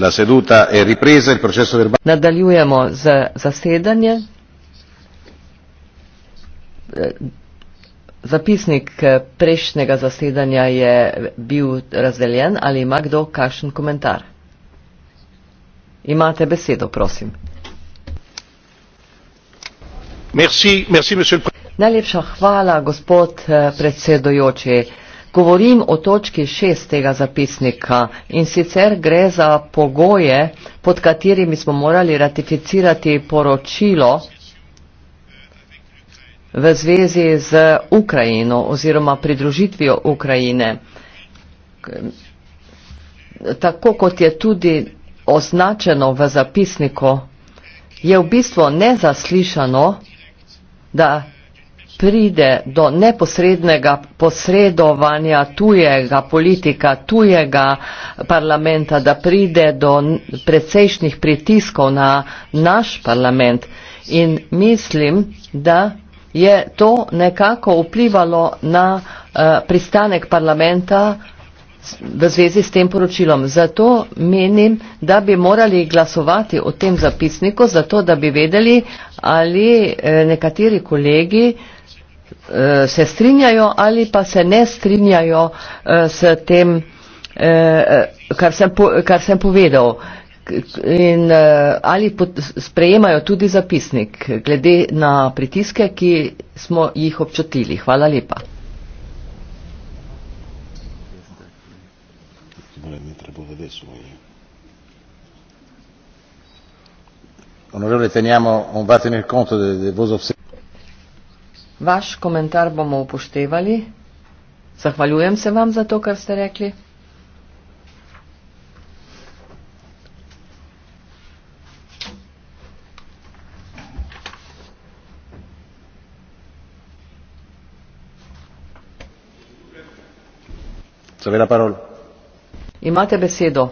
La seduta è ripresa, il processo verbale. Nadaljujemo z zasedanje. Zapisnik eh, prejšnjega zasedanja je bil razdeljen. Ali ima kdo kakšen komentar? Imate besedo, prosim. Merci, merci, Najlepša hvala, gospod eh, predsedojoči govorim o točki šest tega zapisnika in sicer gre za pogoje, pod katerimi smo morali ratificirati poročilo v zvezi z Ukrajino oziroma pridružitvijo Ukrajine. Tako kot je tudi označeno v zapisniku, je v bistvu nezaslišano, da pride do neposrednega posredovanja tujega politika, tujega parlamenta, da pride do precejšnjih pritiskov na naš parlament. In mislim, da je to nekako vplivalo na uh, pristanek parlamenta v zvezi s tem poročilom. Zato menim, da bi morali glasovati o tem zapisniku, zato da bi vedeli, ali eh, nekateri kolegi uh, Eh, se strinjajo ali pa se ne strinjajo eh, s tem, eh, kar sem, kar sem povedal. In ali sprejemajo tudi zapisnik glede na pritiske, ki smo jih občutili. Hvala lepa. Onorevole, teniamo un batto nel conto del de vostro osservazione. Vaš komentar bomo upoštevali. Zahvaljujem se vam za to, kar ste rekli. Imate besedo.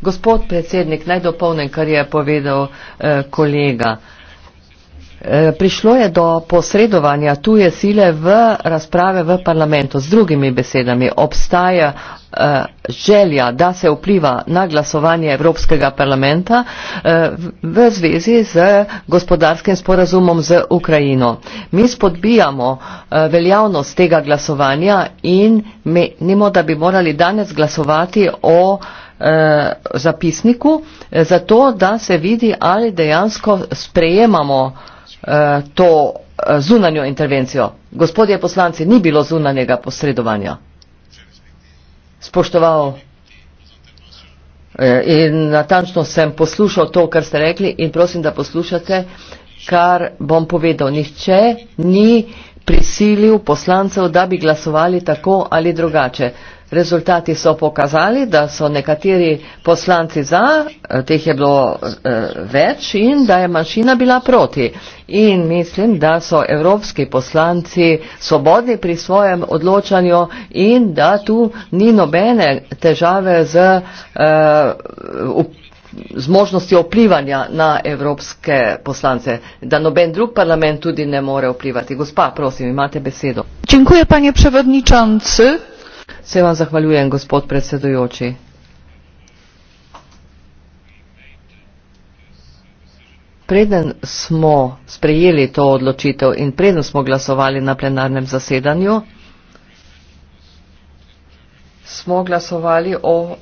Gospod predsednik, naj dopolnem, kar je povedal eh, kolega. Eh, Eh, prišlo je do posredovanja tuje sile v razprave v parlamentu. Z drugimi besedami, obstaja eh, želja, da se vpliva na glasovanje Evropskega parlamenta eh, v zvezi z gospodarskim sporazumom z Ukrajino. Mi spodbijamo veljavnost tega glasovanja in menimo, da bi morali danes glasovati o zapisniku, zato da se vidi, ali dejansko sprejemamo Eh, to eh, zunanjo intervencijo. Gospodje poslanci, ni bilo zunanjega posredovanja. Spoštoval eh, in natančno sem poslušal to, kar ste rekli in prosim, da poslušate, kar bom povedal. Nihče ni prisilil poslancev, da bi glasovali tako ali drugače. Rezultati so pokazali, da so nekateri poslanci za, eh, teh je bilo eh, več in da je manjšina bila proti. In mislim, da so evropski poslanci svobodni pri svojem odločanju in da tu ni nobene težave z, eh, z možnostjo vplivanja na evropske poslance, da noben drug parlament tudi ne more vplivati. Gospa, prosim, imate besedo. Dziękuję panie przewodniczący. Se vam zahvaljujem, gospod predsedujoči. Preden smo sprejeli to odločitev in preden smo glasovali na plenarnem zasedanju, smo glasovali o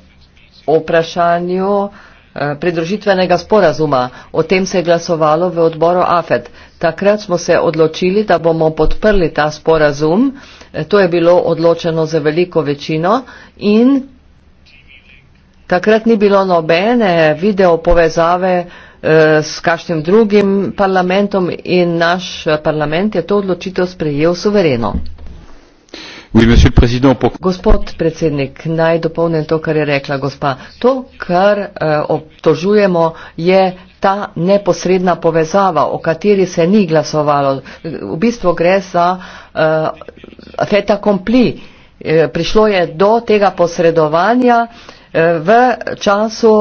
vprašanju eh, pridružitvenega sporazuma. O tem se je glasovalo v odboru AFED. Takrat smo se odločili, da bomo podprli ta sporazum. E, to je bilo odločeno za veliko večino in takrat ni bilo nobene video povezave e, s kakšnim drugim parlamentom in naš parlament je to odločitev sprejel suvereno. Oui, pour... Gospod predsednik, naj dopolnim to, kar je rekla gospa. To, kar uh, obtožujemo, je ta neposredna povezava, o kateri se ni glasovalo. V bistvu gre za uh, eh, feta kompli. Eh, prišlo je do tega posredovanja eh, v času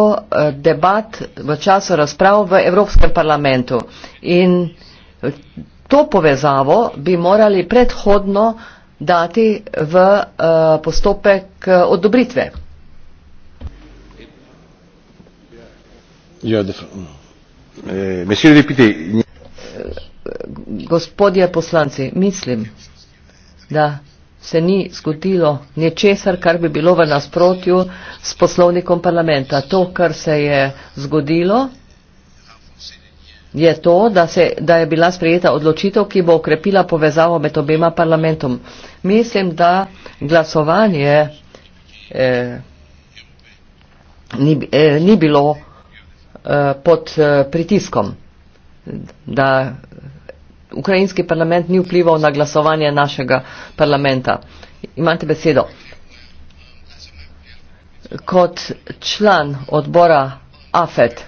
debat, v času razprav v Evropskem parlamentu. In to povezavo bi morali predhodno dati v postopek odobritve. Ja, Eh, Gospodje poslanci, mislim, da se ni zgodilo nečesar, kar bi bilo v nasprotju s poslovnikom parlamenta. To, kar se je zgodilo, je to, da, se, da je bila sprejeta odločitev, ki bo okrepila povezavo med obema parlamentom. Mislim, da glasovanje eh, ni, eh, ni bilo Eh, pod eh, pritiskom, da ukrajinski parlament ni vplival na glasovanje našega parlamenta. Imate besedo. Kot član odbora AFET.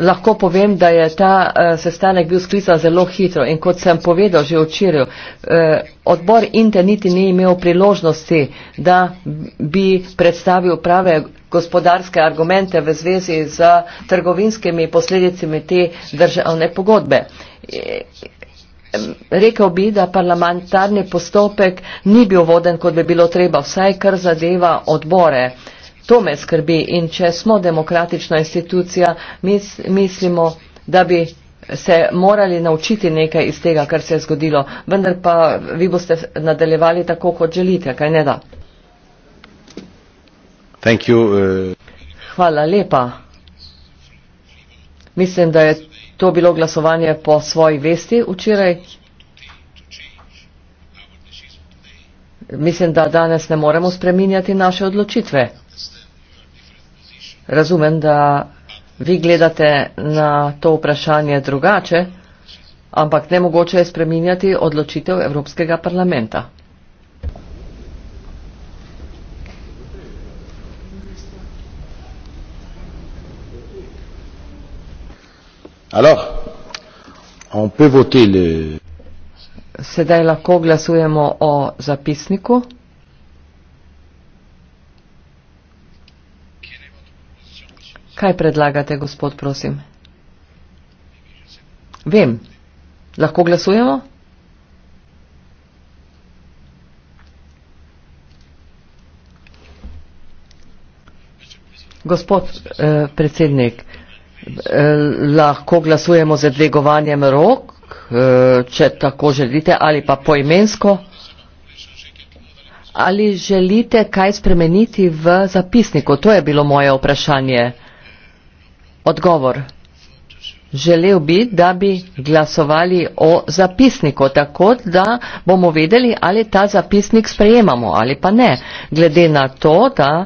Lahko povem, da je ta uh, sestanek bil sklican zelo hitro in kot sem povedal že včeraj, uh, odbor Inte niti ni imel priložnosti, da bi predstavil prave gospodarske argumente v zvezi z trgovinskimi posledicami te državne pogodbe. I, eh, rekel bi, da parlamentarni postopek ni bil voden, kot bi bilo treba, vsaj kar zadeva odbore. Uh, To me skrbi in če smo demokratična institucija, mis, mislimo, da bi se morali naučiti nekaj iz tega, kar se je zgodilo. Vendar pa vi boste nadaljevali tako, kot želite, kaj ne da. You, uh... Hvala lepa. Mislim, da je to bilo glasovanje po svoji vesti včeraj. Mislim, da danes ne moremo spreminjati naše odločitve. Razumem, da vi gledate na to vprašanje drugače, ampak ne mogoče je spreminjati odločitev Evropskega parlamenta. Alors, on peut voter le... Sedaj lahko glasujemo o zapisniku. Kaj predlagate, gospod, prosim? Vem. Lahko glasujemo? Gospod eh, predsednik, eh, lahko glasujemo z dvigovanjem rok, eh, če tako želite, ali pa poimensko. Ali želite kaj spremeniti v zapisniku? To je bilo moje vprašanje. Odgovor. Želel bi, da bi glasovali o zapisniku, tako da bomo vedeli, ali ta zapisnik sprejemamo ali pa ne. Glede na to, da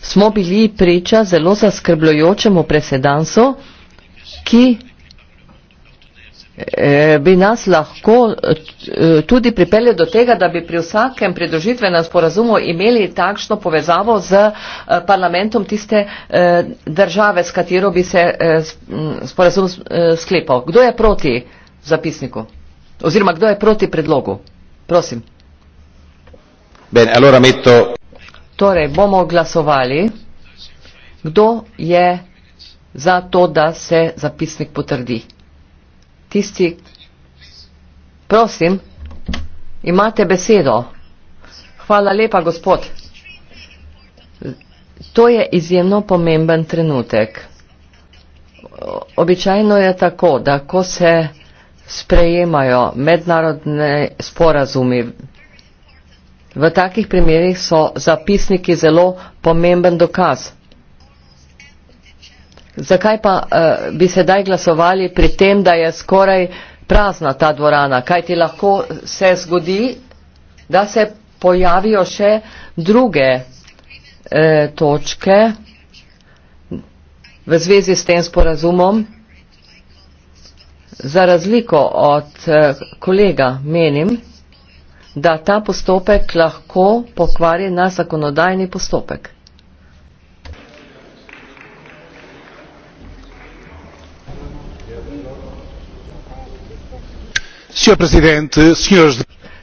smo bili priča zelo zaskrbljujočemu presedansu, ki Eh, bi nas lahko eh, tudi pripeljal do tega, da bi pri vsakem pridružitvenem sporazumu imeli takšno povezavo z eh, parlamentom tiste države, s katero bi se sporazum sklepal. Kdo je proti zapisniku? Oziroma, kdo je proti predlogu? Prosim. Ben, allora metto... Torej, bomo glasovali, kdo je za to, da se zapisnik potrdi tisti, prosim, imate besedo. Hvala lepa, gospod. To je izjemno pomemben trenutek. Običajno je tako, da ko se sprejemajo mednarodne sporazumi, v takih primerjih so zapisniki zelo pomemben dokaz. Zakaj pa uh, bi sedaj glasovali pri tem, da je skoraj prazna ta dvorana? Kaj ti lahko se zgodi, da se pojavijo še druge uh, točke v zvezi s tem sporazumom? Za razliko od uh, kolega menim, da ta postopek lahko pokvari na zakonodajni postopek.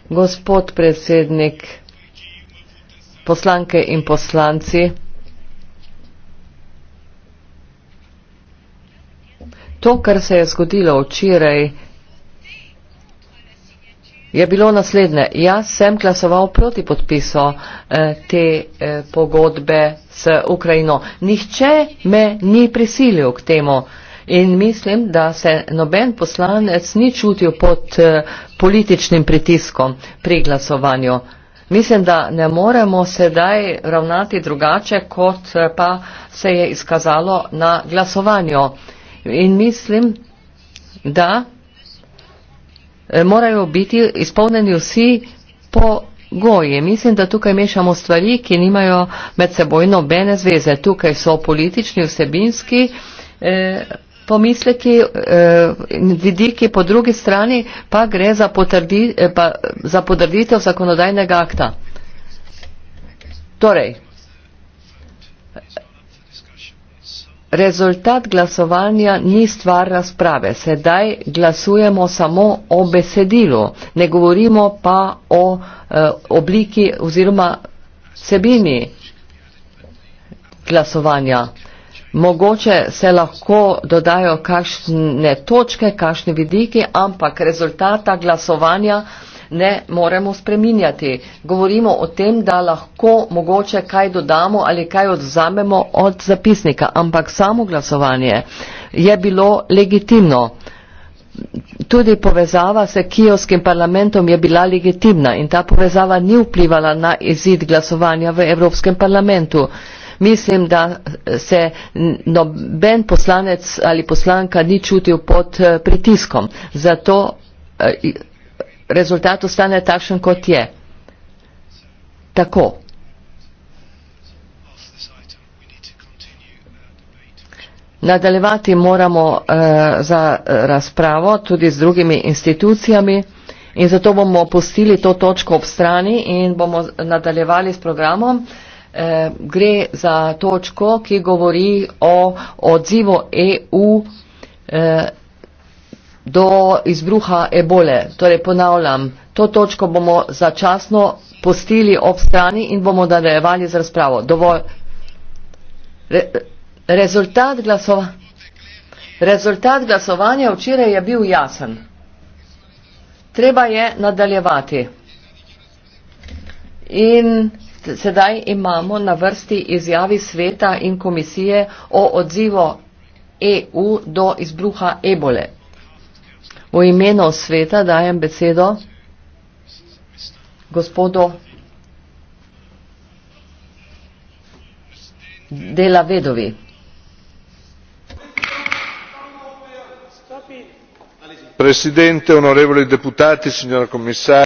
Gospod predsednik, poslanke in poslanci, to, kar se je zgodilo včeraj, je bilo naslednje. Jaz sem glasoval proti podpisu eh, te eh, pogodbe s Ukrajino. Nihče me ni prisilil k temu in mislim, da se noben poslanec ni čutil pod eh, političnim pritiskom pri glasovanju. Mislim, da ne moremo sedaj ravnati drugače, kot eh, pa se je izkazalo na glasovanju. In mislim, da eh, morajo biti izpolneni vsi pogoji. Mislim, da tukaj mešamo stvari, ki nimajo med seboj nobene zveze. Tukaj so politični, vsebinski eh, pomisleki, eh, vidiki po drugi strani pa gre za, potrdi, eh, pa za potrditev zakonodajnega akta. Torej, rezultat glasovanja ni stvar razprave. Sedaj glasujemo samo o besedilu, ne govorimo pa o eh, obliki oziroma sebini glasovanja mogoče se lahko dodajo kakšne točke, kakšne vidiki, ampak rezultata glasovanja ne moremo spreminjati. Govorimo o tem, da lahko mogoče kaj dodamo ali kaj odzamemo od zapisnika, ampak samo glasovanje je bilo legitimno. Tudi povezava s kijovskim parlamentom je bila legitimna in ta povezava ni vplivala na izid glasovanja v Evropskem parlamentu mislim, da eh, se noben poslanec ali poslanka ni čutil pod eh, pritiskom. Zato eh, rezultat ostane takšen, kot je. Tako. Nadaljevati moramo uh, za razpravo tudi z drugimi institucijami in zato bomo postili to točko ob strani in bomo nadaljevali s programom eh, gre za točko, ki govori o odzivu EU eh, do izbruha ebole. Torej ponavljam, to točko bomo začasno postili ob strani in bomo nadaljevali z razpravo. Dovolj. Re, rezultat, glasova, rezultat glasovanja včeraj je bil jasen. Treba je nadaljevati. In sedaj imamo na vrsti izjavi sveta in komisije o odzivu EU do izbruha ebole. V imenu sveta dajem besedo gospodu Delavedovi. presidente onorevoli deputati signora commissario.